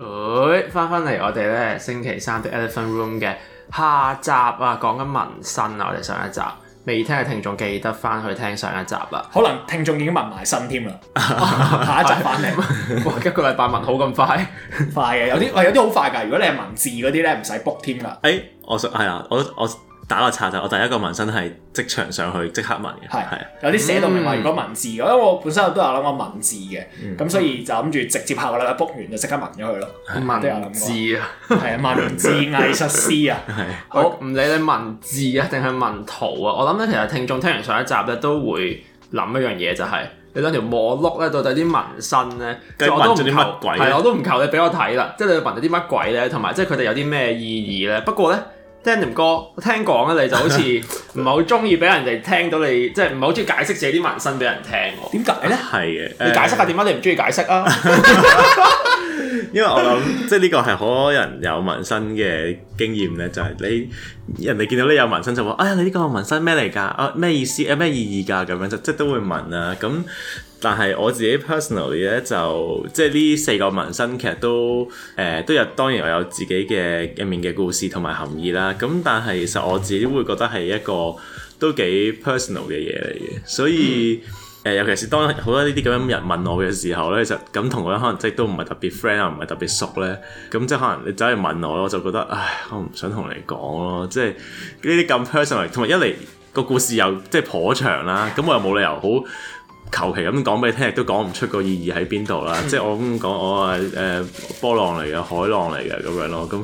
誒，翻翻嚟我哋咧星期三的 Elephant Room 嘅下集啊，講緊紋身啊，我哋上一集未聽嘅聽眾記得翻去聽上一集啦。可能聽眾已經紋埋身添啦、 啊，下一集翻嚟， 哇一個禮拜紋好咁快， 快嘅、啊、有啲，哇有啲好快噶，如果你係文字嗰啲咧，唔使 book 添啦。誒、哎，我想，係啊，我我。打個岔就，我第一個紋身係即場上去即刻紋嘅，係啊，有啲寫到明話如果文字，我因為我本身有都有諗過文字嘅，咁所以就諗住直接下個禮拜 book 完就即刻紋咗佢咯。文字啊，係啊，文字藝術師啊，係。好，唔理你文字啊定係文圖啊，我諗咧其實聽眾聽完上一集咧都會諗一樣嘢就係，你兩條摩碌克咧到底啲紋身咧，跟住紋咗啲乜鬼？係，我都唔求你俾我睇啦，即係你紋咗啲乜鬼咧，同埋即係佢哋有啲咩意義咧。不過咧。Denim 哥，我聽講啊，你就好似唔係好中意俾人哋聽到你，即係唔係好中意解釋自己啲紋身俾人聽喎。點解咧？係嘅、哎呀，你解釋下點解你唔中意解釋啊？因為我諗，即係呢個係好多人有紋身嘅經驗咧，就係、是、你人哋見到你有紋身就話：哎呀，你呢個紋身咩嚟㗎？啊，咩意思？有、啊、咩意義㗎？咁樣就即係都會問啊。咁。但係我自己 personally 咧就即係呢四個紋身其實都誒、呃、都有，當然我有自己嘅入面嘅故事同埋含義啦。咁但係其實我自己會覺得係一個都幾 personal 嘅嘢嚟嘅。所以誒、呃，尤其是當好多呢啲咁樣人問我嘅時候咧，就咁同我可能即係都唔係特別 friend 啊，唔係特別熟咧。咁即係可能你走去問我，我就覺得唉，我唔想同你講咯。即係呢啲咁 personal，同埋一嚟個故事又即係頗長啦。咁我又冇理由好求其咁講俾你聽，亦都講唔出個意義喺邊度啦。即係、嗯、我咁講，我係誒波浪嚟嘅，海浪嚟嘅咁樣咯。咁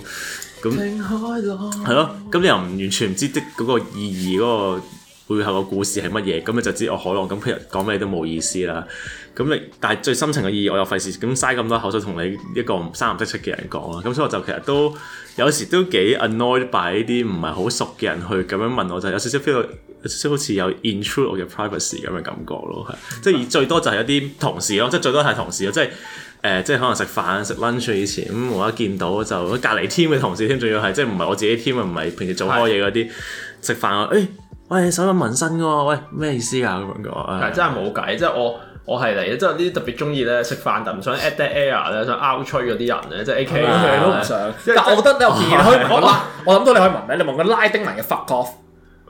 咁係咯。咁你又唔完全唔知的嗰、就是、個意義嗰個背後個故事係乜嘢？咁你就知我海浪咁，譬如講咩都冇意思啦。咁你但係最深層嘅意義，我又費事咁嘥咁多口水同你一個三唔識七嘅人講啊。咁所以我就其實都有時都幾 annoyed by 呢啲唔係好熟嘅人去咁樣問我，就是、有少少 feel。即好似有 intrude 我嘅 privacy 咁嘅感覺咯，係即係最多就係一啲同事咯，即係最多係同事咯，即係誒，即係可能食飯食 lunch 以前咁，我一見到就隔離 team 嘅同事添，仲要係即係唔係我自己 team 啊？唔係平時做開嘢嗰啲食飯啊？誒、欸，喂，想紋身㗎喎？喂，咩意思啊？咁樣講係真係冇計，即係我我係嚟，即係呢啲特別鍾意咧食飯，但唔想 at the air 咧，想 out 吹嗰啲人咧，即係 A K 都唔想。但我覺得、啊、你又見開紋是，我諗到你可以紋咧，你望個拉丁文嘅 fuck off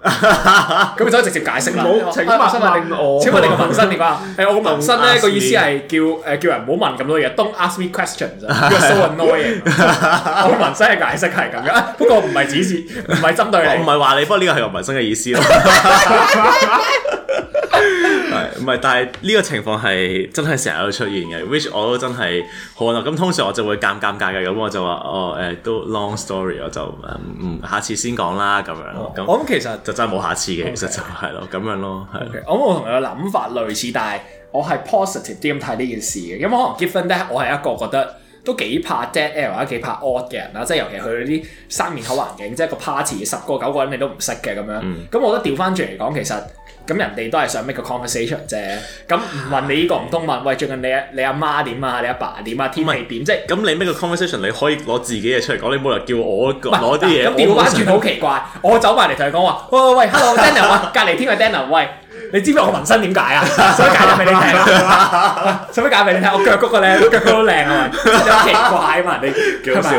咁 就可以直接解釋啦。唔好，啊、請問你問，請問你個紋身點啊？係我個紋身咧，個意思係叫誒叫人唔好問咁多嘢。啊、Don't ask me questions. You're 為 so annoying. 我個紋身嘅解釋係咁樣，不過唔係指示，是，唔係針對你。我唔係話你，不過呢個係我紋身嘅意思咯。 唔係，但係呢個情況係真係成日都出現嘅，which 我都真係好啦。咁通常我就會尷尬嘅，咁我就話哦誒，都 long story，我就嗯下次先講啦咁樣。咁我咁其實就真係冇下次嘅，其實就係咯咁樣咯。係，咁我同佢嘅諗法類似，但係我係 positive 啲咁睇呢件事嘅，因為可能結婚咧，我係一個覺得都幾怕 dead air 或者幾怕 odd 嘅人啦，即係尤其佢嗰啲生面口環境，即係個 party 十個九個人你都唔識嘅咁樣。咁我覺得調翻轉嚟講，其實。咁人哋都係想 make 個 conversation 啫。咁唔問你呢個唔通問？喂，最近你你阿媽點啊？你阿爸點啊？天氣點？即係咁你 make 個 conversation，你可以攞自己嘢出嚟講。你冇理由叫我攞啲嘢。調翻轉好奇怪。我走埋嚟同佢講話。喂喂喂，Hello，Danner 啊！隔離天嘅 Danner，喂，你知唔知我紋身點解啊？想介紹俾你睇。想唔想介紹俾你睇？我腳骨嘅咧，腳骨都靚啊嘛。好奇怪啊嘛，你幾好笑？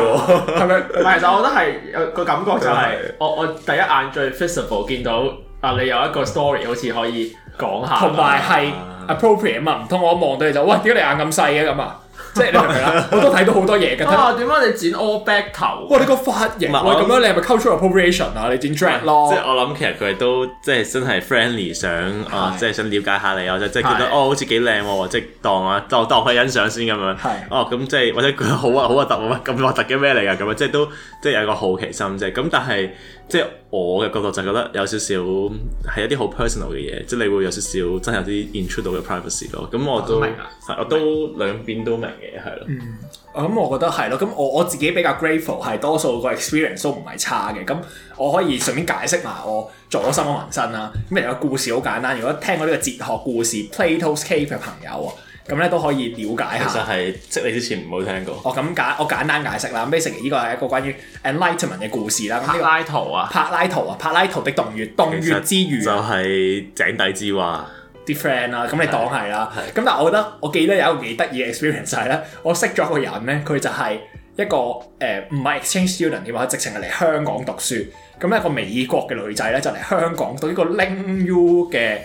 係咪？唔係，其實我都係有個感覺，就係我我第一眼最 visible 見到。啊！你有一個 story 好似可以講下，同埋係 appropriate 啊嘛，唔通我一望到你就喂，點解你眼咁細嘅咁啊？ 即係你係咪啊？我都睇到好多嘢嘅。 啊！點解你剪 all back 頭？哇！你個髮型哇！咁樣你係咪 cultural appropriation 啊？你剪 dread 咯、嗯？即係我諗，其實佢都即係真係 friendly 想啊，即係想了解下你，或者即係覺得哦，好似幾靚喎，即係當啊，就當佢欣賞先咁樣。哦是，咁、啊、即係或者覺得好啊，好核突啊？咩咁核突嘅咩嚟㗎？咁啊、咁樣，即係都即係有一個好奇心啫。咁但係。即係我嘅角度就覺得有少少係一啲好 personal 嘅嘢，即係你會有少少真係有啲 intrude 到嘅 privacy 咯。咁我都明啊、oh, I mean.，我都兩邊都明嘅，係咯、嗯。嗯，我咁我覺得係咯。咁我我自己比較 grateful 係多數個 experience 都唔係差嘅。咁我可以順便解釋埋我做咗心紋身啦。咁有個故事好簡單，如果聽過呢個哲學故事 Plato's Cave 嘅朋友啊。咁咧、嗯、都可以了解下。其實係識你之前唔好聽過。我咁簡，我簡單解釋啦。Basically，呢個係一個關於 Enlightenment 嘅故事啦。柏拉圖啊，柏拉圖啊，柏拉圖的洞穴，洞穴之喻就係井底之蛙。啲 friend、啊嗯、啦，咁你當係啦。咁但係我覺得，我記得有一個幾得意嘅 experience 就係、是、咧，我識咗一個人咧，佢就係一個誒唔、呃、係 exchange student 嘅話，直情係嚟香港讀書。咁咧，一個美國嘅女仔咧，就嚟香港讀呢個 Ling U 嘅。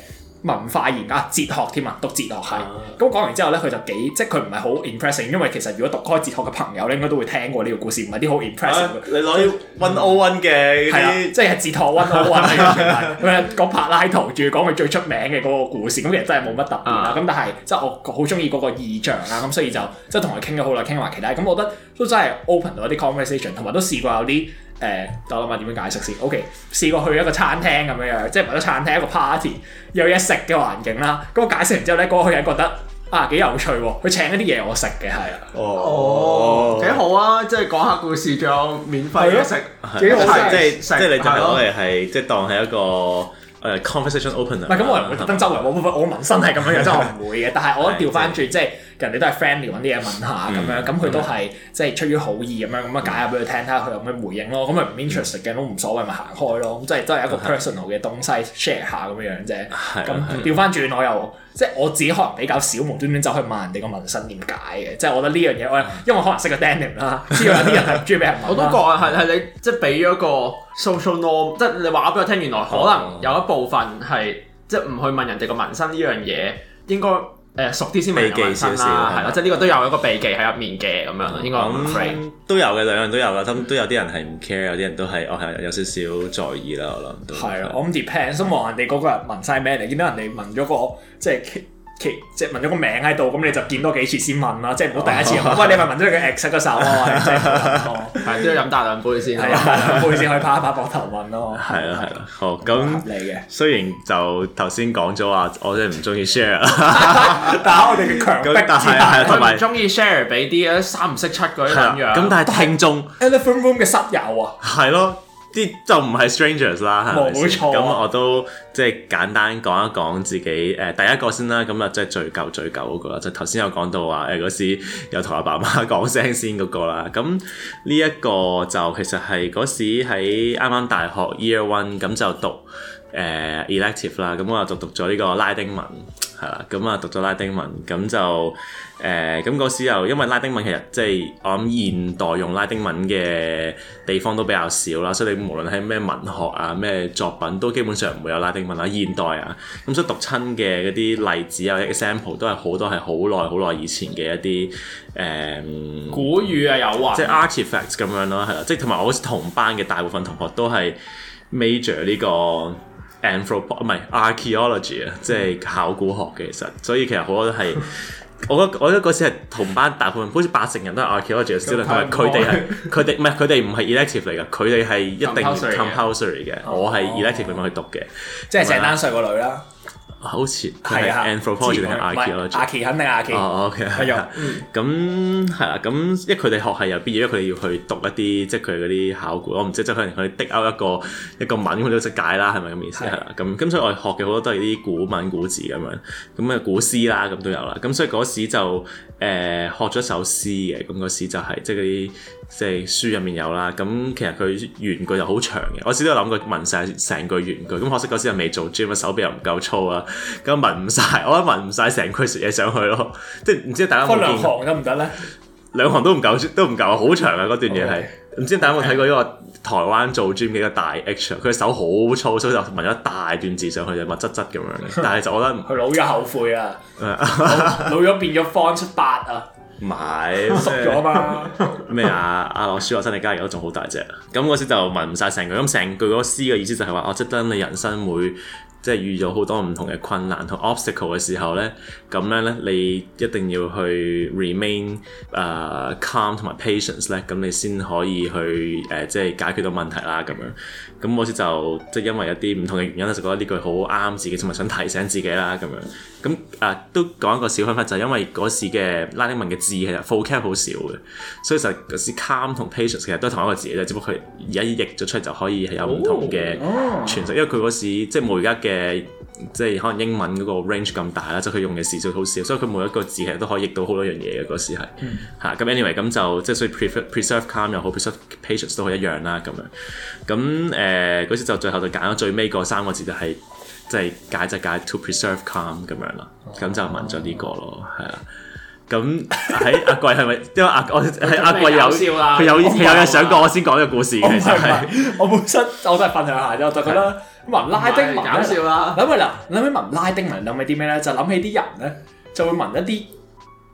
文化研究哲學添啊，讀哲學係。咁講、啊、完之後咧，佢就幾即係佢唔係好 impressing，因為其實如果讀開哲學嘅朋友咧，應該都會聽過呢個故事，唔係啲好 impressing。你攞啲 One O One 嘅嗰啲，即係哲學 One O One 係咪？講、 嗰個、柏拉圖，仲要講佢最出名嘅嗰個故事，咁其實真係冇乜特別啦。咁、啊啊、但係即係我好中意嗰個意象啦，咁所以就即係同佢傾咗好耐，傾埋其他，咁我覺得都真係 open 到一啲 conversation，同埋都試過有啲。誒、嗯，我諗下點樣解釋先。OK，試過去一個餐廳咁樣樣，即係唔係餐廳一個 party 有嘢食嘅環境啦。咁我解釋完之後咧，嗰個客人覺得啊幾有趣喎，佢請一啲嘢我食嘅係啊。Oh, 哦，幾好啊！即係講下故事，仲有免費嘢食。幾對好，的即係是即係你淨係攞嚟係即係當係一個誒、uh, conversation opener。唔係咁，我係唔會跟周圍冇乜， 我紋身係咁樣樣，真係我唔會嘅。但係我調翻轉即係。 對就是人哋都係 friendly 揾啲嘢問下咁樣，咁佢都係即係出於好意咁樣，咁啊解下俾佢聽，睇下佢有咩回應咯。咁咪唔 interesting 嘅，都唔所謂咪行開咯。咁即係都係一個 personal 嘅東西 share 下咁樣啫。咁調翻轉我又即係我自己可能比較少無端端走去問人哋個紋身點解嘅，即係我覺得呢樣嘢我因為可能識個 Denim 啦，知道有啲人係唔中意俾人問。我都覺係係你即係俾咗個 social norm，即係你話我俾我聽，原來可能有一部分係即係唔去問人哋個紋身呢樣嘢應該。誒、呃、熟啲先避忌少少。係咯，即係呢個都有一個避忌喺入面嘅咁樣，嗯、應該咁、嗯、都有嘅兩樣都有噶，咁都有啲人係唔 care，有啲人都係哦係有少少在意啦，我諗都係啊，我咁 depends，心望、嗯、人哋嗰個人紋晒咩，你見到人哋紋咗個即係。即係問咗個名喺度，咁你就見多幾次先問啦，即係唔好第一次。喂，你咪問咗佢 ex 嗰首啊？即係都要飲大兩杯先。係啊，兩杯先可以拍一拍膊頭問咯。係啊，係啊，好咁。你嘅。雖然就頭先講咗話，我哋唔中意 share，但係我哋嘅強迫，但係同埋中意 share 俾啲三唔識七嗰啲咁樣。咁但係聽眾 elephant room 嘅室友啊，係咯。啲就唔係 strangers 啦，係咪先？冇錯，咁我都即係、就是、簡單講一講自己誒、呃、第一個先啦。咁啊，即係最舊最舊嗰、嗰個啦，就係頭先有講到話誒嗰時有同阿爸媽講聲先嗰、嗰個啦。咁呢一個就其實係嗰時喺啱啱大學 year one，咁就讀。誒、uh, elective 啦，咁我啊就讀咗呢個拉丁文，係啦，咁啊讀咗拉丁文，咁就誒咁嗰時又因為拉丁文其實即係、就是、我諗現代用拉丁文嘅地方都比較少啦，所以你無論係咩文學啊咩作品都基本上唔會有拉丁文啊現代啊，咁所以讀親嘅嗰啲例子啊 example 都係好多係好耐好耐以前嘅一啲誒、嗯、古語啊有啊，即係 artifacts 咁樣咯，係啦，即係同埋我好似同班嘅大部分同學都係 major 呢、這個。Anthropology 唔係 archaeology 啊，ology, Ar ology，即係考古學嘅其實，所以其實好多都係我覺得我覺得嗰時係同班大部分好似八成人都係 archaeology 先啦， 同埋佢哋係佢哋唔係佢哋唔係 elective 嚟㗎，佢哋係一定要 compulsory 嘅，我係 elective 嚟去讀嘅，哦、後即係鄭丹瑞個女啦。好似係啊，字唔係，阿奇肯定阿奇。哦 OK 啊，係啊、嗯，咁係啦，咁一佢哋學係有必要，因為佢哋要去讀一啲，即係佢哋嗰啲考古。我唔知即係可能佢的勾一個、嗯、一個文佢都識解啦，係咪咁意思？係啦的，咁咁所以我哋學嘅好多都係啲古文古字咁樣，咁啊古詩啦咁都有啦。咁所以嗰時就誒、呃、學咗首詩嘅，咁嗰時就係、是、即係嗰啲，即係書入面有啦，咁其實佢原句就好長嘅，我先都諗過紋晒成句原句，咁可惜嗰時又未做 g y m 啊手臂又唔夠粗啊，咁紋唔晒，我一紋唔晒成句食嘢上去咯，即係唔知大家有冇。開兩行得唔得咧？兩行都唔夠, 夠，都唔夠，好長啊！嗰段嘢係，唔 Okay. 知大家有冇睇過一個台灣做 g y m 嘅一個大 H 啊？佢嘅手好粗，所以就紋咗一大段字上去，就密質質咁樣。但係就我覺得，佢 老咗後悔啊， 老咗變咗方七八啊！唔係，濕咗嘛？咩 啊？阿我小我真嚟加嘅，都仲好大隻。咁、啊、嗰時就聞唔晒成句。咁、嗯、成句嗰詩嘅意思就係、是、話，我、哦、即等你人生會。即係遇咗好多唔同嘅困難同 obstacle 嘅時候咧，咁樣咧你一定要去 remain 誒、呃、calm 同埋 patience 咧，咁你先可以去誒、呃、即係解決到問題啦咁樣，咁我先就即係因為有啲唔同嘅原因咧，就覺得呢句好啱自己，同埋想提醒自己啦咁樣，咁啊、呃、都講一個小方法，就係、是、因為時嘅拉丁文嘅字其實 full c a r e 好少嘅，所以就，就 calm 同 patience 其實都係同一個字嘅啫，只不過佢而家譯咗出嚟就可以係有唔同嘅詮釋，因為佢時即係冇而家嘅。誒、呃，即係可能英文嗰個 range 咁大啦，即係佢用嘅詞數好少，所以佢每一個字其實都可以譯到好多樣嘢嘅嗰時係咁、嗯啊、anyway，咁就即係所以 preserve calm 又好，preserve patience 都係一樣啦咁樣。咁誒，嗰、呃、時就最後就揀咗最尾嗰三個字就係即係解就解 to preserve calm 咁樣啦。咁 Okay. 就問咗呢個咯，係啊。咁喺阿貴係咪？因為阿我係阿貴有佢有佢有嘢想講，我先講呢個故事。其實我本身，我都係分享下啫，我就覺得文拉丁文搞笑啦，諗起嗱諗起文拉丁文諗起啲咩咧？就諗起啲人咧，就會文一啲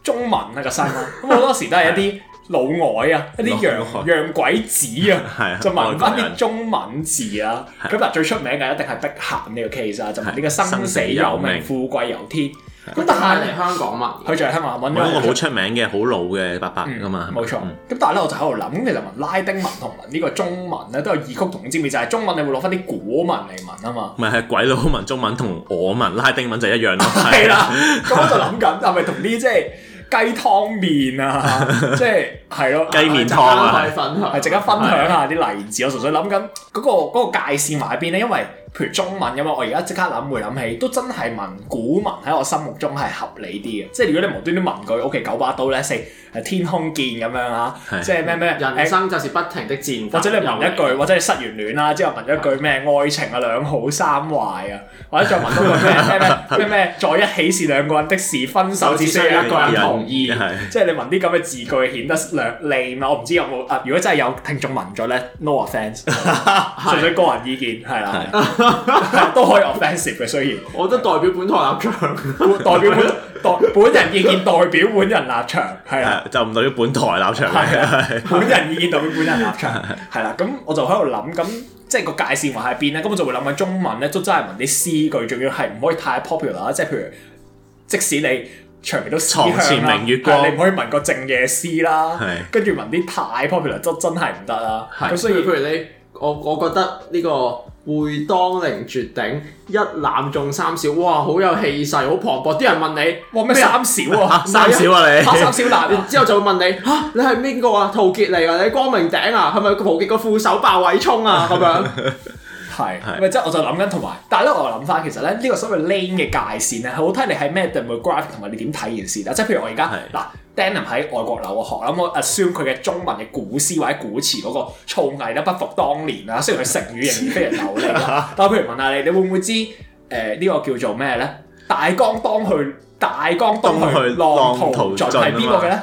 中文啊個紋身。咁好多時都係一啲老外啊，一啲洋洋鬼子啊，就文翻啲中文字啊。咁嗱最出名嘅一定係碧咸呢個 case，其實就係呢個生死有命，富貴由天。咁但係嚟香港嘛，佢就係香港啊，揾咗個好出名嘅、好老嘅伯伯噶嘛。冇、嗯、吧錯，咁但係咧我就喺度諗，咁其實拉丁文同呢、這個中文咧都有異曲同工之妙，就係、是、中文你會攞翻啲古文嚟文啊嘛。唔係係鬼佬文中文同我文拉丁文就一樣啦。係啦，咁我就諗緊係咪同啲即係雞湯麵啊，即係。係咯，雞麵湯啊，係，係即刻分享下啲例子。我純粹諗緊嗰個嗰個界線埋喺邊咧，因為譬如中文啊嘛，我而家即刻諗回諗起，都真係紋古文喺我心目中係合理啲嘅。即係如果你無端端紋句屋企九把刀咧，四誒天空劍咁樣啊，即係咩咩人生就是不停的戰，或者你紋一句，或者你失完戀啦之後紋一句咩愛情啊兩好三壞啊，或者再紋到句咩咩咩咩再一起是兩個人的事，分手只需要一個人同意。即係你紋啲咁嘅字句，顯得。n a 我唔知有冇啊？如果真係有聽眾問咗咧，no offense 純粹個人意見，係啦， 都可以 offensive 嘅。雖然我覺得代表本台立場， 代表本代本人意見，代表本人立場，係啦，就唔代表本台立場，係啦，本人意見代表本人立場，係啦。咁我就喺度諗，咁即係個界線畫喺邊咧？咁我就會諗緊中文咧，都真係紋啲詩句，仲要係唔可以太 popular 即係譬如，即使你。床前明月光啦，但係你唔可以聞個靜夜詩啦，跟住是聞啲太 popular 都真係唔得啦。咁是所以，譬如你我我覺得呢、這個會當凌絕頂，一覽眾三小，哇，好有氣勢，好磅礴。啲人問你，哇咩三小啊？麼三小啊你？學三小男、啊， 然之後就會問你，嚇、啊、你係邊個啊？陶傑嚟啊？你光明頂啊？係咪陶傑個副手霸位聰啊？咁樣。係，咁是是即係我就諗緊同埋，但係咧，我諗翻其實咧，呢、這個所謂的 lane 嘅界線咧，好睇你係咩 demographic，同埋你點睇件事啦。即係譬如我而家嗱，Denim 喺外國留學，咁、嗯、我 assume 佢嘅中文嘅古詩或者古詞嗰個造詣咧，不復當年啦。雖然佢成語仍然非常流利 但譬如問下你，你會唔會知誒呢、呃這個叫做咩咧？大江當去，大江東去浪淘盡，係邊個嘅咧？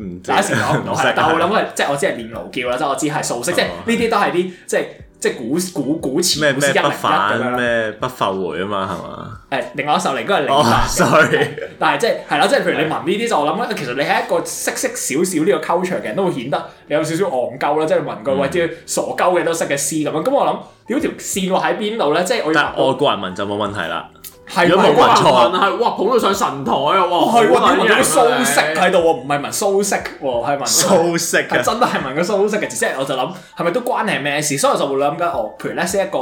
嗯，是嗯一時講唔到，但係我諗即係我知係念奴嬌啦，即係我知係蘇軾，即係呢啲都係啲即係。即係古古古詞咩咩不返反咩對吧 不復回啊嘛係嘛？誒，另外一首嚟，應該係李白。sorry，但係即係係啦，即係譬如你紋呢啲，就我諗咧，其實你係一個識識少少呢個構長嘅人都會顯得你有少少憨鳩啦，即係紋個或者傻鳩嘅都識嘅詩咁樣。咁我諗你嗰條線畫喺邊度咧？即係我。但係我個人紋就冇問題啦。係紋，是是有問關人問係哇捧到上神台喎，哇！我見到蘇軾喺度喎，唔係紋蘇軾喎，係紋蘇軾嘅，色真係係紋嘅蘇軾嘅字，即係 我就諗係咪都關你係咩事？所以我就會諗緊，我譬如咧，寫一個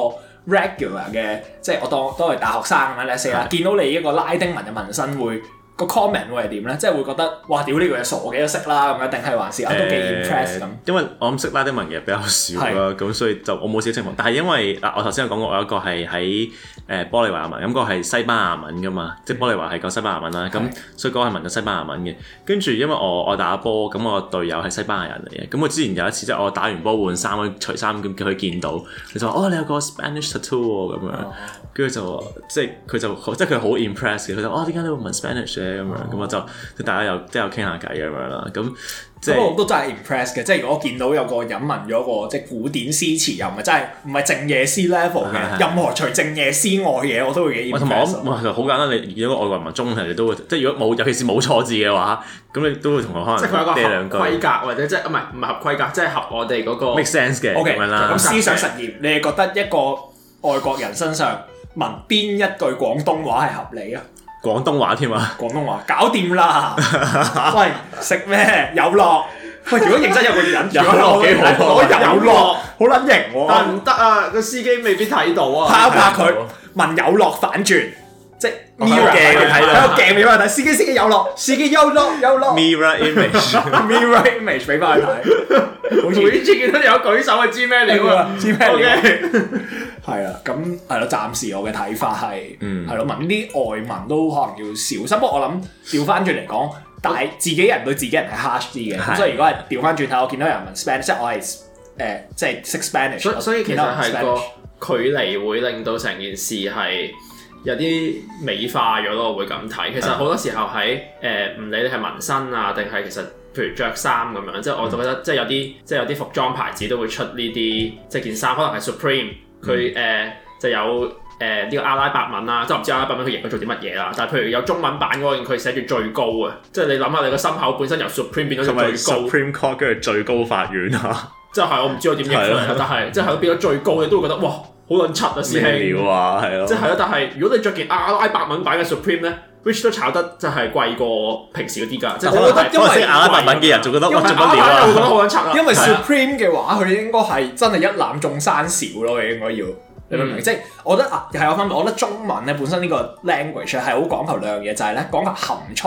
regular 嘅，即係我當我當係大學生咁樣咧，寫啦，見到你一個拉丁文嘅紋身的會。個 comment 會係點咧？即係會覺得哇屌呢個嘢傻嘅都識啦咁樣，定係話事，還是都幾 impress，因為我諗識拉丁文嘅比較少啦，咁是所以就我冇少清過。但係因為嗱，我頭先有講過，我有一個係喺誒玻利維亞文，咁個係西班牙文噶嘛，即係玻利維亞係講西班牙文啦。咁是所以嗰個係文咗西班牙文嘅，跟住因為我我打波，咁我隊友係西班牙人嚟嘅，咁我之前有一次即係、就是、我打完波換衫除衫咁叫佢見到，佢就話：oh, 哦，你有個 Spanish tattoo 喎咁樣。跟住就即係佢就即係佢好 impress 嘅，佢就哦，點解你會文 Spanish 咁樣，咁我就大家又即有傾下偈咁樣啦。咁即係，不過我都真係 impress 嘅。即係如果我見到有個引文，嗰個即係古典詩詞，又唔係真係唔係靜夜思 level 嘅，任何除靜夜思外嘢，我都會幾 impress。m 同埋好簡單。你如果外國人紋中，人你都會即係如果冇，尤其是冇錯字嘅話，咁你都會同我可能即係佢有個規格，或者即係唔係唔合規格，即係合我哋嗰個 make sense 嘅。咁思想實驗，你係覺得一個外國人身上紋邊一句廣東話係合理啊？廣東話添啊！廣東話搞掂啦！喂，食咩？有落。喂，如果認真有個人，有落幾好啊！有落，好撚型喎。但唔得啊，個司機未必睇到啊。拍一拍佢，問有落反轉，即係鏡喺個鏡入面睇，司機司機有落，司機有落有落。Mirror image，mirror image，俾翻佢睇。每次見到有舉手，係知咩料啊？知咩料？係啊，咁係咯。暫時我嘅睇法係，係咯、嗯，紋啲外文都可能要小心。不過我諗調翻轉嚟講，但係我自己人對自己人係 harsh 啲嘅。的所以如果係調翻轉頭，我見到有人紋 Spanish，我係誒、呃、即係識 Spanish。所以所以，其實係個距離會令到成件事係有啲美化咗咯。我會咁睇，其實好多時候喺誒唔理你係紋身啊，定係其實譬如着衫咁樣，即係我就覺得、嗯、即係有啲即係有啲服裝牌子都會出呢啲即係件衫，可能係 Supreme。佢誒、嗯呃、就有誒呢、呃這個阿拉伯文啦，即係唔知阿拉伯文佢譯咗做啲乜嘢啦。但係譬如有中文版嗰、那個，佢寫住最高啊，即係你諗下你個心口本身由 Supreme 變咗最高，Supreme Court 跟住最高法院啊， 即係我唔知我點應啊，但係即係變咗最高，你都會覺得哇，好撚柒啊，師兄，啊啊、即係係咯，但係如果你着件阿拉伯文版嘅 Supreme 咧。which 都炒得就係貴過平時嗰啲㗎，即係我覺得因為亞拉文品嘅人仲覺得得，好難炒，因為 Supreme 嘅話佢應該係真係一覽眾山小咯，應該要你明唔明？即係、嗯就是、我覺得啊，係有分別，我覺得中文咧本身呢個 language 係好講求兩樣嘢，就係、是、咧講求含蓄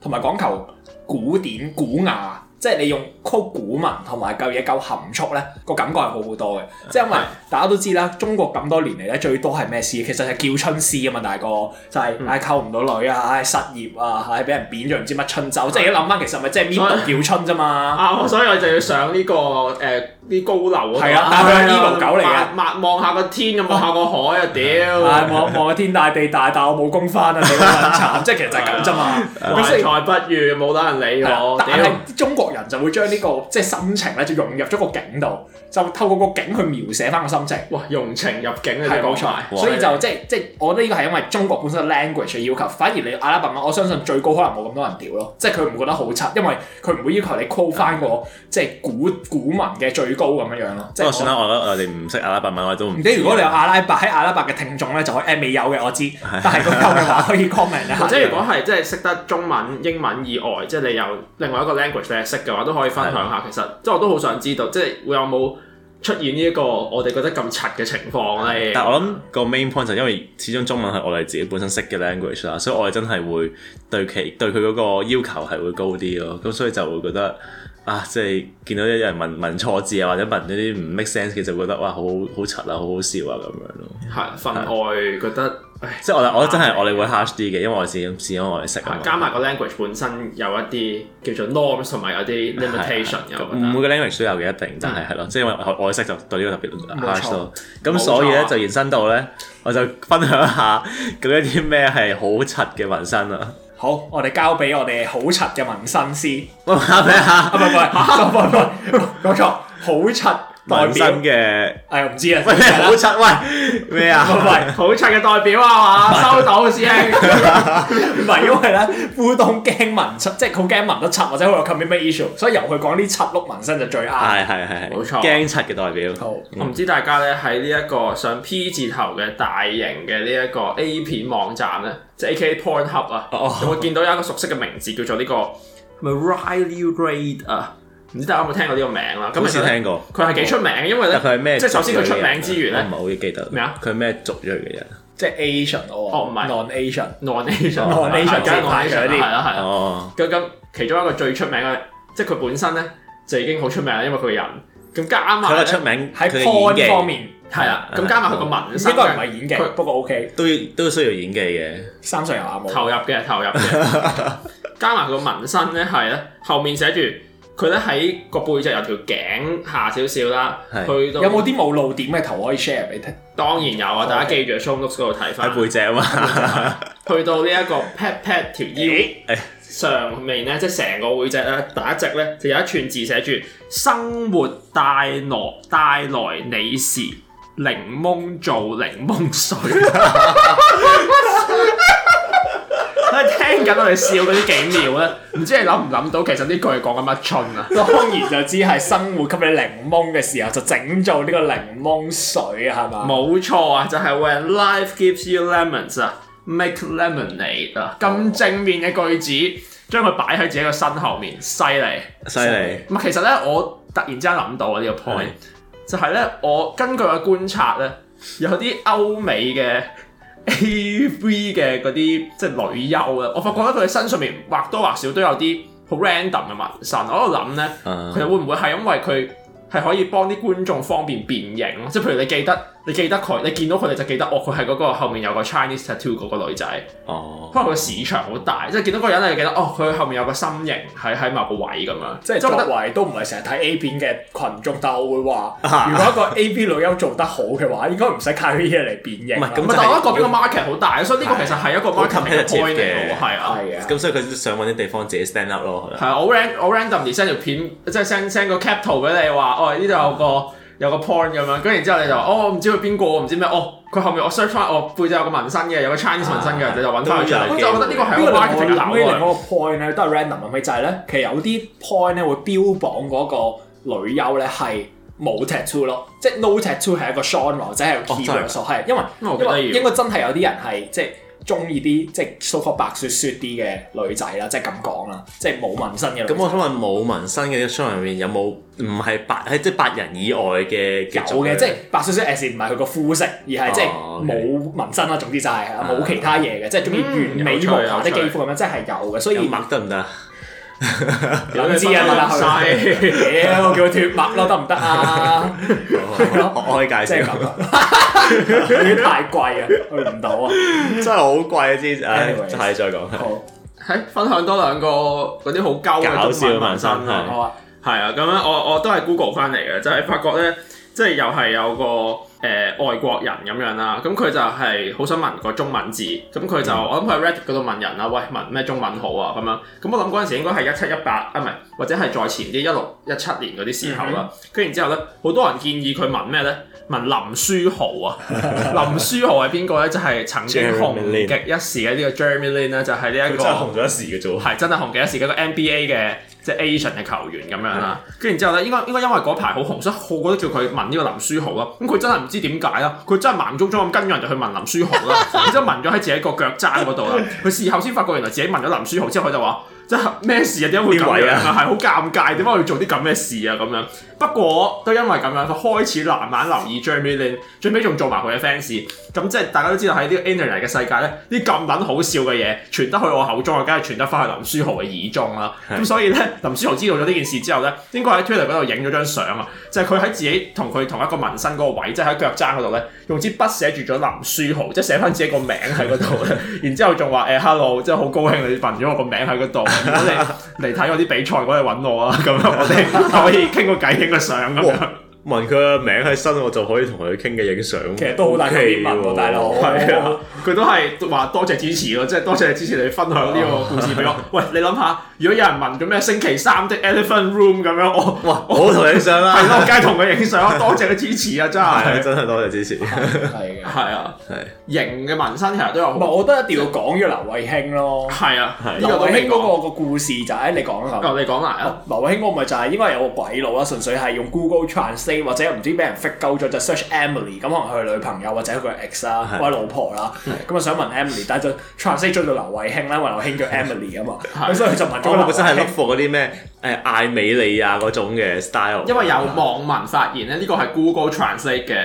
同埋講求古典古雅。即係你用曲古文同埋嚿嘢夠含蓄咧，個感覺係好好多嘅。即係因為大家都知啦，中國咁多年嚟咧，最多係咩詩？其實係叫春詩啊嘛，大哥就係唉溝唔到女啊，唉、哎、失業啊，唉、哎、俾人扁咗唔知乜春酒。的即係你諗翻，其實咪即係搣到叫春啫嘛。 啊，所以我就要上呢個誒。呃啲高樓嗰度，係啊，但佢係呢個狗嚟嘅，望下個天，咁望下個海啊屌！望望個天大地大，但我冇工翻啊，你好慘！即係其實就係咁啫嘛，才不如冇得人理我。但係中國人就會將呢個即係心情咧，就融入咗個景度，就透過個景去描寫翻個心情。哇！融情入境啊，講錯，所以就即係即係，我覺得呢個係因為中國本身 language 嘅要求，反而你阿拉伯文，我相信最高可能冇咁多人屌咯，即係佢唔覺得好柒，因為佢唔會要求你 call 翻個即係古古文嘅最高咁樣樣咯，不過算啦，我覺得我哋唔識阿拉伯文，我都唔，唔知如果你有阿拉伯喺阿拉伯嘅聽眾咧，就可以誒，未有嘅我知， 但係有嘅話 可以 comment。m m 啊。即係如果係即係識得中文、英文以外，即係你有另外一個 language 你識嘅話，都可以分享下。吧其實即係我都好想知道，即係會有冇出現呢一個我哋覺得咁柒嘅情況咧。但係我諗個 main point 就因為始終中文係我哋自己本身識嘅 language 啦、嗯，所以我哋真係會對其對佢嗰個要求係會高啲咯。咁所以就會覺得。啊！即、就、係、是、見到有人問問錯字啊，或者問一啲唔 make sense，就覺得哇，好好柒啊，好好笑啊咁樣咯。係份外覺得，即係我我真係我哋會 harsh 啲嘅，因為我自自從我哋識啊。加埋個 language、嗯、本身有一啲叫做 norms 同埋有啲 limitation，唔每個 language 都有嘅一定，但係係咯，即係、嗯、我我識就對呢個特別 harsh 咯。咁錯所以咧就延伸到咧，啊、我就分享下咁一啲咩係好柒嘅紋身啊。好，我哋交俾我哋好柒嘅紋身師。等 下，等下、啊，唔係唔係，唔唔唔，講、啊、 錯，好柒。代表身嘅，誒唔、哎、知啊，好柒 喂咩啊？唔好柒嘅代表啊嘛，收到師兄，唔係因為咧烏冬驚紋柒，即係好驚紋得柒或者好有 commitment issue，所以由佢講呢，柒碌紋身就最啱，係係係冇錯，驚柒嘅代表。好，嗯、我唔知大家咧喺呢一個上 P 字頭嘅大型嘅呢一個 A 片網站咧，即係 AKA Pornhub 啊，有冇見到有一個熟悉嘅名字叫做呢、這個 Riley Grade 啊。唔知大家有冇聽過呢個名啦？咁係聽過。佢係幾出名，因為咧，佢係咩？即係首先佢出名之餘咧，唔係好記得。咩啊？佢係咩族裔嘅人？即係 Asian 哦。唔係 non Asian。non Asian。non Asian 加 non Asian 啲。係啦，係。哦。咁咁，其中一個最出名嘅，即係佢本身咧就已經好出名啦，因為佢個人。咁加埋。佢個出名喺演技方面係啊。咁加埋佢個紋身，應該唔係演技，不過 OK。都都需要演技嘅。三上牙冇。投入嘅，投入嘅。加埋佢個紋身咧，係咧，後面寫住。佢咧喺個背脊有條頸下少少啦，是去到有冇啲冇露點嘅圖可以 share 俾你聽？當然有啊，Okay. 大家記住 show notes 嗰度睇翻。背脊啊嘛，嘛 去到呢一個 pat pat 條腰上面咧，即係成個背脊咧打直咧，就有一串字寫住 生活帶來帶來你是檸檬做檸檬水。 我哋聽緊我哋笑嗰啲幾妙咧，唔知你諗唔諗到，其實呢句係講緊乜春啊？當 然就知係生活給你檸檬嘅時候，就整做呢個檸檬水係嘛？冇錯啊，就係、是、When life gives you lemons，make lemonade 啊！咁正面嘅句子，將佢擺喺自己嘅身後面，犀利，犀利害。咁其實咧，我突然之間諗到個的呢個 point，就係咧，我根據我觀察咧，有啲歐美嘅。A.V. 嘅嗰啲即係女優啊，我發覺咧，佢身上面或多或少都有啲好 random 嘅紋身。我喺度諗咧，佢、uh huh. 會唔會係因為佢係可以幫啲觀眾方便變形，即係譬如你記得。你記得佢，你見到佢你就記得哦，佢係嗰個後面有個 Chinese tattoo 嗰個女仔。哦，可能個市場好大，即係見到個人你就記得哦，佢後面有個心形喺喺某個位咁樣。即係周德維都唔係成日睇 A 片嘅群眾，但我會話，如果一個 A B 女優做得好嘅話，應該唔使靠呢啲嚟辨認。唔係咁，但係我覺得個 market 好大，所以呢個其實係一個 market point 嚟嘅，係啊。係啊。咁所以佢想揾啲地方自己 stand up 咯。係啊，我 random 我 random 唔 send 條片，即係 send send 個 cap 圖俾你話，哦呢度有個。有個 point 咁樣，跟住然之後你就哦，唔知佢邊個，唔知咩，哦，佢、哦、後面我 search 翻，我背脊有個紋身嘅，有個 Chinese 紋、啊、身嘅，你就揾佢出嚟，我就覺得呢個係我覺得我個 point 咧都係 random 啊，咪就係、是、咧，其實有啲 point 咧會標榜嗰個女優咧係冇 tattoo 咯，即係 no tattoo 係一個 shame，或者係欺辱所係，因為、哦、因為應該真係有啲人係即係。中意啲即係 so called 白雪雪啲嘅女仔啦，即係咁講啦，即係冇紋身嘅。咁我想問冇紋身嘅商入面有冇唔係白，係即係白人以外嘅？有嘅，即係白雪雪誒是唔係佢個膚色，而係即係冇紋身啦。總之就係、是、冇、啊、其他嘢嘅，即係中意完美無瑕的肌膚咁樣，嗯、即係有嘅。所以脫麥得唔得？有知啊啦，屌叫佢脫麥咯，得唔得啊？我可以介紹。 太貴啊，去唔到啊，真係 Anyways, 好貴啊！知，前，係再講，好，分享多兩個嗰啲好交嘅搞笑嘅紋身。係 啊，咁樣我我都係 Google 翻嚟嘅，就係、是、發覺呢，即係又係有個。誒、呃、外國人咁樣啦，咁佢就係好想問個中文字，咁佢就、嗯、我諗佢喺 Reddit 嗰度問人啦，喂，問咩中文好啊咁樣，咁我諗嗰陣時應該係一七一八，啊唔係或者係再前啲一六一七年嗰啲時候啦。跟住、嗯、然之後咧，好多人建議佢問咩咧？問林書豪啊， 林書豪係邊個咧？就係、是、曾經紅極一時嘅呢、這個 Jeremy Lin 啦、這個，就係呢一個真紅咗一時嘅啫，係真係紅極一時嘅個 NBA 嘅。即係 Asian 嘅球員咁樣啦，跟住的然之後咧，應該應該因為嗰排好紅，所以個個都叫佢紋呢個林書豪啦。咁佢真係唔知點解啦，佢真係盲舂舂咁跟住人哋去紋林書豪啦，然之後紋咗喺自己個腳踭嗰度啦。佢事後先發覺原來自己紋咗林書豪之後佢就，就話。即係咩事啊？點解會咁樣啊？係好尷尬，點解我要做啲咁嘅事啊？咁樣不過都因為咁樣，佢開始慢慢留意 Jeremy Lin 最尾仲做埋佢嘅 fans。咁即係大家都知道喺呢個 internet 嘅世界咧，啲咁撚好笑嘅嘢傳得去我口中，梗係傳得翻去林書豪嘅耳中啦。咁 所以咧，林書豪知道咗呢件事之後咧，應該喺 Twitter 嗰度影咗張相啊，就係佢喺自己同佢同一個紋身嗰個位，即係喺腳踭嗰度咧，用支筆寫住咗林書豪，即係寫翻自己個名喺嗰度咧。 然之後仲話誒，hello，即係好高興你紋咗我個名喺嗰度。 嚟睇我啲比賽，我哋揾我啊！咁樣我哋可以傾個偈、影個相咁哇樣。問佢個名喺身，我就可以同佢傾嘅影相。其實都好大禮 Okay、哦、大佬係啊！佢都係話多謝支持咯，即係多謝支持你分享呢個故事俾我。哦、喂， 你諗下。如果有人問咗咩星期三的 Elephant Room 咁樣，我哇，我同你影相啦，係咯，梗係同佢影相啦，多謝佢支持啊，真係真係多謝支持，係嘅，係啊，型嘅紋身其實都有，唔係，我覺得一定要講咗劉慧卿咯，係啊，劉慧卿嗰個個故事就喺你講嗰度，我哋講埋啊，劉慧卿嗰咪就係因為有個鬼佬啦，純粹係用 Google Translate 或者唔知俾人 fit 鳩咗就 search Emily 咁可能佢女朋友或者佢 ex 啦，佢老婆啦，咁啊想問 Emily，但就 translate 咗到劉慧卿啦，話劉興咗 Emily 啊嘛，咁所以就問咗。我本身係 look for 嗰啲咩誒艾美莉啊嗰種嘅 style。因為有網民發現咧，呢個係 Google Translate 嘅，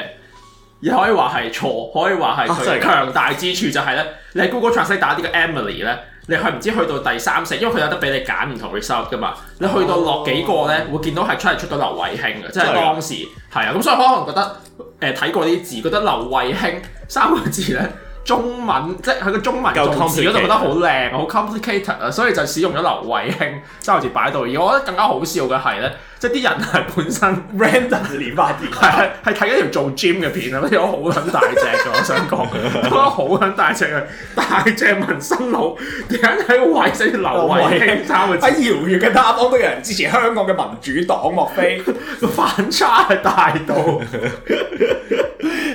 亦可以話係錯，可以話係佢強大之處就係、是、咧，你喺 Google Translate 打呢個 Emily 咧，你係唔知去到第三四，因為佢有得俾你揀唔同 result 噶嘛。你去到落幾個咧，會見到係出嚟出到劉慧卿嘅，即係當時係啊。咁的所以可能覺得誒睇、呃、過啲字，覺得劉慧卿三個字咧。中文即係佢個中文中字嗰，就覺得好靚好 complicated 啊，complicated，所以就使用咗劉慧卿揸字擺度。而我覺得更加好笑嘅係咧，即係啲人係本身 random 連埋片，係係睇一條做 gym 嘅片啊，好我好很大隻嘅， 我想講，覺得好很大隻嘅，大隻民生佬點解喺維死劉慧卿揸字？喺不遙遠嘅他方都有人支持香港嘅民主黨，莫非反差大到？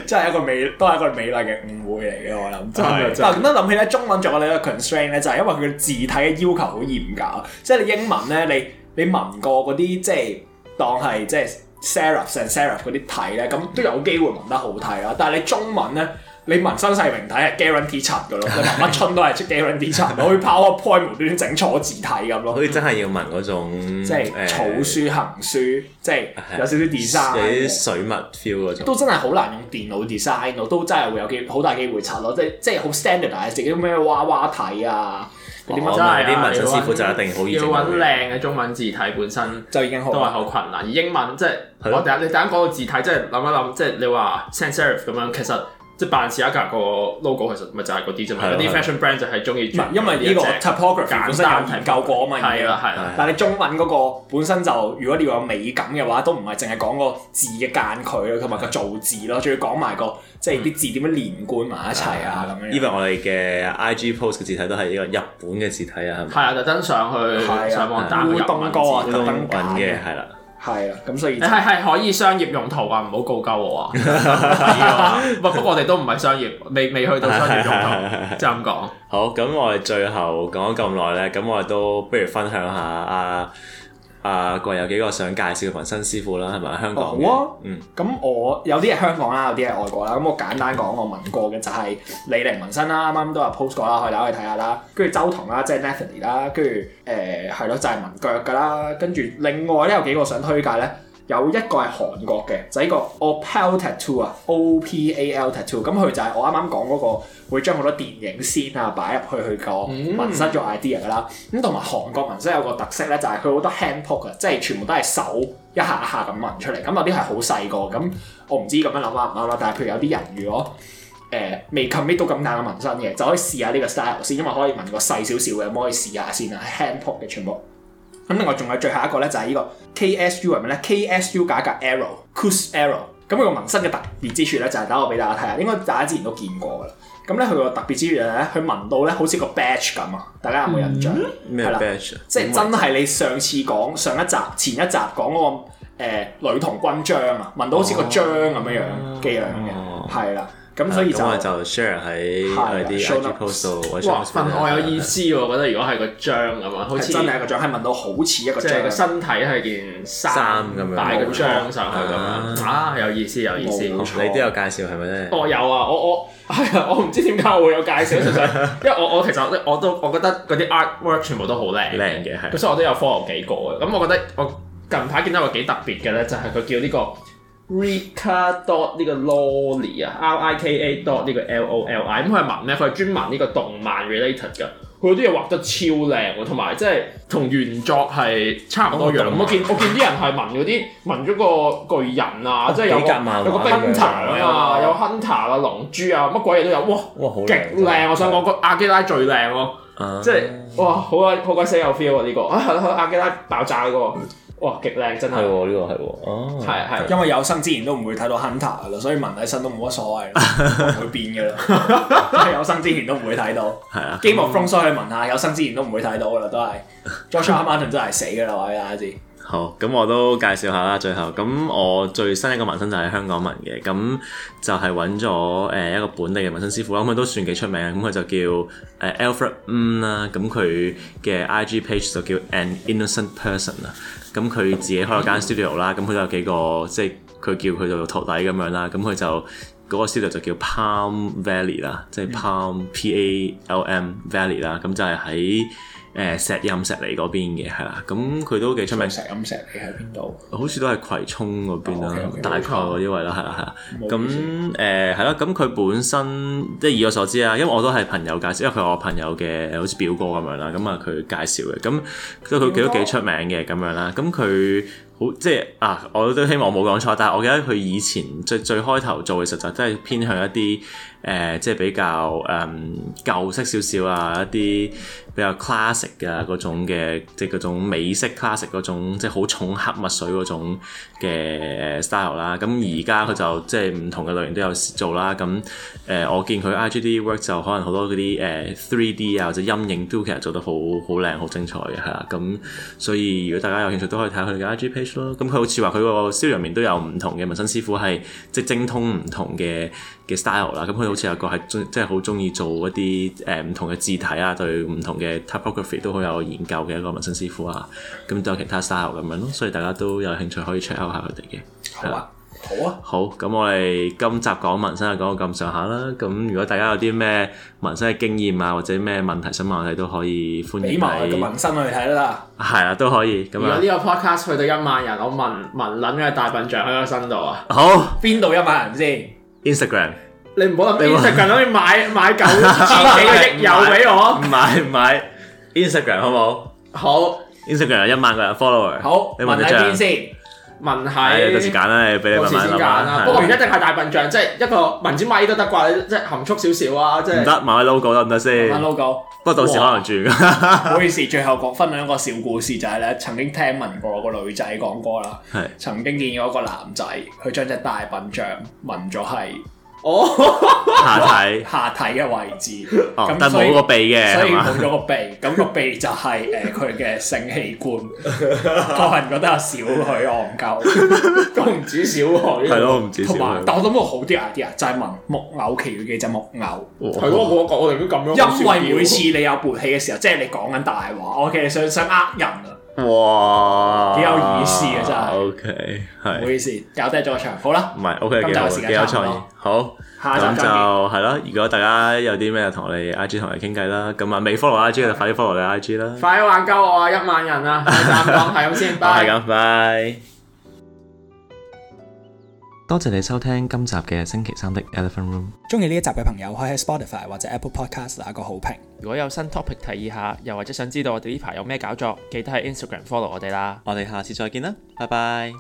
真係一個美，都係一個美麗嘅誤會嚟嘅，我諗。嗱，咁樣諗起咧，中文仲有另一個 concern 咧，就係、是、因為佢字體嘅要求好嚴格。即、就、係、是、你英文咧，你你紋個嗰啲即係當係即係 serif and serif 嗰啲體咧，咁都有機會紋得好睇啦。但係你中文咧。你紋身世名體係 guarantee 柒噶咯。乜、就、乜、是、 春都係出 guarantee 柒，我會 PowerPoint 無端整錯字體咁咯。好似真係要紋嗰種，即係草書行書，uh、即係有少少 design，有啲水墨 feel 嗰種，都真係好難用電腦 design 咯，都真係會有機好大機會柒咯，即係即係好 standard 啊，即係啲咩娃娃體啊嗰啲真係啲紋身師傅就一定好易整。要揾靚嘅中文字體本身、嗯、就已經好都係好困難，而英文即係的我第一你第一講字體，即係諗一諗，即係你話 sans serif 咁樣，其實。即係扮似一格個 logo，其實咪就係嗰啲啫嘛。有啲 fashion brand 就係中意，因為呢個 typography 本身係唔夠過啊嘛。係啦，係啦。但係你中文嗰個本身就，如果你要有美感嘅話，都唔係淨係講個字嘅間距咯，同埋個造字咯，仲要講埋個即係啲字點樣連貫埋一齊啊咁樣。因為我哋嘅 IG post 嘅字體都係呢個日本嘅字體啊，係咪？係啊，特登上去上網打啲東哥啊，咁樣嘅係啦。係啊，咁所以係係可以商業用途啊，唔好告鳩我啊，唔係，不過我哋都唔係商業，未未去到商業用途， 就咁講。好，咁我哋最後講咗咁耐咧，咁我哋都不如分享下啊。啊、呃，各位有幾個想介紹嘅紋身師傅啦，係咪啊？香港嘅，哦好啊、嗯，咁我有啲係香港啦，有啲係外國啦。咁我簡單講，我紋過嘅就係李寧紋身啦，啱啱都有 post 過看看啦，可以攞嚟睇下啦。跟住周棠啦，即係 Nathalie 啦，跟住誒係咯，就係紋腳噶啦。跟住另外咧，有幾個想推介咧。有一個係韓國嘅，就係、是、個 too, opal tattoo 啊、嗯、，O P、嗯、A L tattoo，咁佢就係我啱啱講嗰個會將好多電影 scene 啊擺入去佢個紋身做 idea 噶啦。咁同埋韓國紋身有個特色咧，就係佢好多 handpoke 啊，即係全部都係手一下一下咁紋出嚟。咁、嗯、有啲係好細個，咁、嗯、我唔知咁樣諗啱唔啱啦。但係譬如有啲人如果誒未、呃、commit 到咁大嘅紋身嘅，就可以試下呢個 style 先，因為可以紋個細少少嘅，可以試下先啊 handpoke 嘅全部。咁另外仲有最後一個咧，就係、是、呢個 KSU 係咩咧，KSU 價格 Arrow Cush Arrow。咁佢個紋身嘅特別之處咧，就係、是、等我俾大家睇下，應該大家之前都見過㗎啦。咁咧佢個特別之處咧，佢紋到咧好似個 badge 咁啊！大家有冇印象？咩、嗯、badge 了即係真係你上次講上一集前一集講嗰、那個、呃、女童軍章啊，紋到好似個章咁樣、哦、幾樣機樣嘅，係啦、哦。咁所以就 share 喺啲 article 度，哇，問我有意思喎！覺得如果係個章咁樣，好似真係個章，係問到好似一個即係個身體係件衫咁樣，戴個章上去咁啊！有意思，有意思，你都有介紹係咪咧？我有啊，我我我唔知點解我會有介紹，其實因為我我其實我都我覺得嗰啲 artwork 全部都好靚靚嘅，係，所以我都有 follow 幾個嘅。咁我覺得我近排見到個幾特別嘅咧，就係佢叫呢個。Rika dot 呢個 Loli 啊，R I K A dot 呢個 L O L I，咁佢係紋咩？佢係專紋呢個動漫 related 㗎，佢啲嘢畫得超靚喎，同埋即係同原作係差唔多樣我。我見我見啲人係紋嗰啲，紋咗個巨人啊， 即係有個有個， 個 Hunter 啊， 有 Hunter 啊，龍珠啊，乜鬼嘢都有，哇，哇極靚美！嗯、我想講個阿基拉最靚喎、啊，即係、uh、哇，好鬼好鬼死有 feel 啊，呢個，啊，好，好，好，好，好，好阿基拉爆炸嗰個。哇，極靚真係喎！呢個係喎，係係，是因為有生之年都唔會睇到 Hunter 噶啦，所以紋底身都冇乜所謂啦， 會變噶啦，係 有生之年都唔會睇到。係 啊，Game of Thrones、嗯、去紋下，有生之年都唔會睇到噶啦，都係 George Hamilton 真係死噶啦！我大家知。好，咁，我都介紹下啦。最後咁，我最新一個紋身就喺香港紋嘅，咁就係揾咗誒一個本地嘅紋身師傅啦，咁佢都算幾出名，咁佢就叫誒、呃、Alfred Ng 啦，咁佢嘅 I G page 就叫 An Innocent Person 啊。咁佢自己開咗間 studio 啦，咁佢都有幾個，即係佢叫佢做徒弟咁樣啦，咁佢就嗰、嗰個 studio 就叫 Palm Alley 啦，即係 Palm P A L M Alley 啦，咁就係喺。誒石陰石嚟嗰邊嘅係啦，咁佢都幾出名。石陰石嚟喺邊度？好似都係葵涌嗰邊啦，okay, okay, 大概嗰啲位啦，係啦係啦。咁誒係啦，咁佢、呃、本身即係以我所知啊，因為我都係朋友介紹，因為佢係我朋友嘅，好似表哥咁樣啦，咁啊佢介紹嘅，咁所以佢都幾出名嘅咁樣啦，咁佢。好即係啊！我都希望冇講錯，但係我記得佢以前最最，最開頭做嘅時候就係偏向一啲誒、呃、即係比較誒舊、嗯、式少少啊，一啲比較 classic 嘅種嘅即係種種美式 classic 種即係好重黑墨水種嘅誒 style 啦。咁而家佢就即係唔同嘅類型都有做啦。咁誒、呃、我見佢 IGD work 就可能好多啲誒 three D 啊或者陰影都其實做得好好靚好精彩嘅係啦。咁所以如果大家有興趣都可以睇佢嘅 IG page 咁佢好似話佢個肖肉面都有唔同嘅紋身師傅，係即精通唔同嘅嘅 style 啦。咁佢好似有個係即係好鍾意做一啲誒唔同嘅字體啊，對唔同嘅 typography 都好有研究嘅一個紋身師傅啊。咁都有其他 style 咁樣咯。所以大家都有興趣可以 check out 下佢哋嘅。好啊。好啊，好，咁我哋今集講紋身啊，講到咁上下啦。咁如果大家有啲咩紋身嘅經驗啊，或者咩問題想問我哋都可以歡迎嚟。紋身去睇啦，係啊，都可以。咁如果呢個 podcast 去到一萬人，我紋紋捻嘅大笨象喺個身度啊。好，邊度一萬人先？Instagram，你唔好諗 Instagram 可以買買九千幾個億又俾我，唔係唔係，Instagram 好唔好？好，Instagram 一萬個人 follower，好，你問喺邊先？文係，到時揀啦，俾你文啦。的不過唔一定係大笨象，的即係一個文字咪都得啩，即係含蓄少少啊。即係唔得，問 logo 得唔得先？問 logo，不過到時可能轉。唔哇 好意思，最後講分享一個小故事，就係、是、咧曾經聽聞過個女仔講過啦，的曾經見過一個男仔，佢將隻大笨象紋咗係。哦，oh. 下體下體嘅位置，咁但冇個鼻嘅。所以冇咗個鼻嘅，咁個， 個鼻就係誒佢嘅性器官。我係唔覺得啊，小佢戇鳩，都唔止小。係咯， 唔止同埋，但我諗到好啲 idea，就係木木偶奇遇嘅隻木偶。係咯、哦，我覺我哋都咁樣。因為每次你有勃氣嘅時候，即係你講緊大話，我其實想想呃人啊。哇，幾有意思啊真係，OK，係，唔好意思，是搞低咗場，好啦，唔係，OK，今日幾有創意，好，咁就係咯。如果大家有啲咩同我哋 IG 同人傾偈啦，咁啊，未 follow IG 就快啲 follow 你 IG 啦， 快啲挽救我啊！一萬人啊！暫告，係咁先，拜拜，拜拜。多謝你收聽今集嘅星期三的 Elephant Room。中意呢一集嘅朋友，可以喺 Spotify 或者 Apple Podcast 打個好評。如果有新 topic 提議下，又或者想知道我哋呢排有咩搞作，記得喺 Instagram follow 我哋啦。 我哋下次再見啦，拜拜。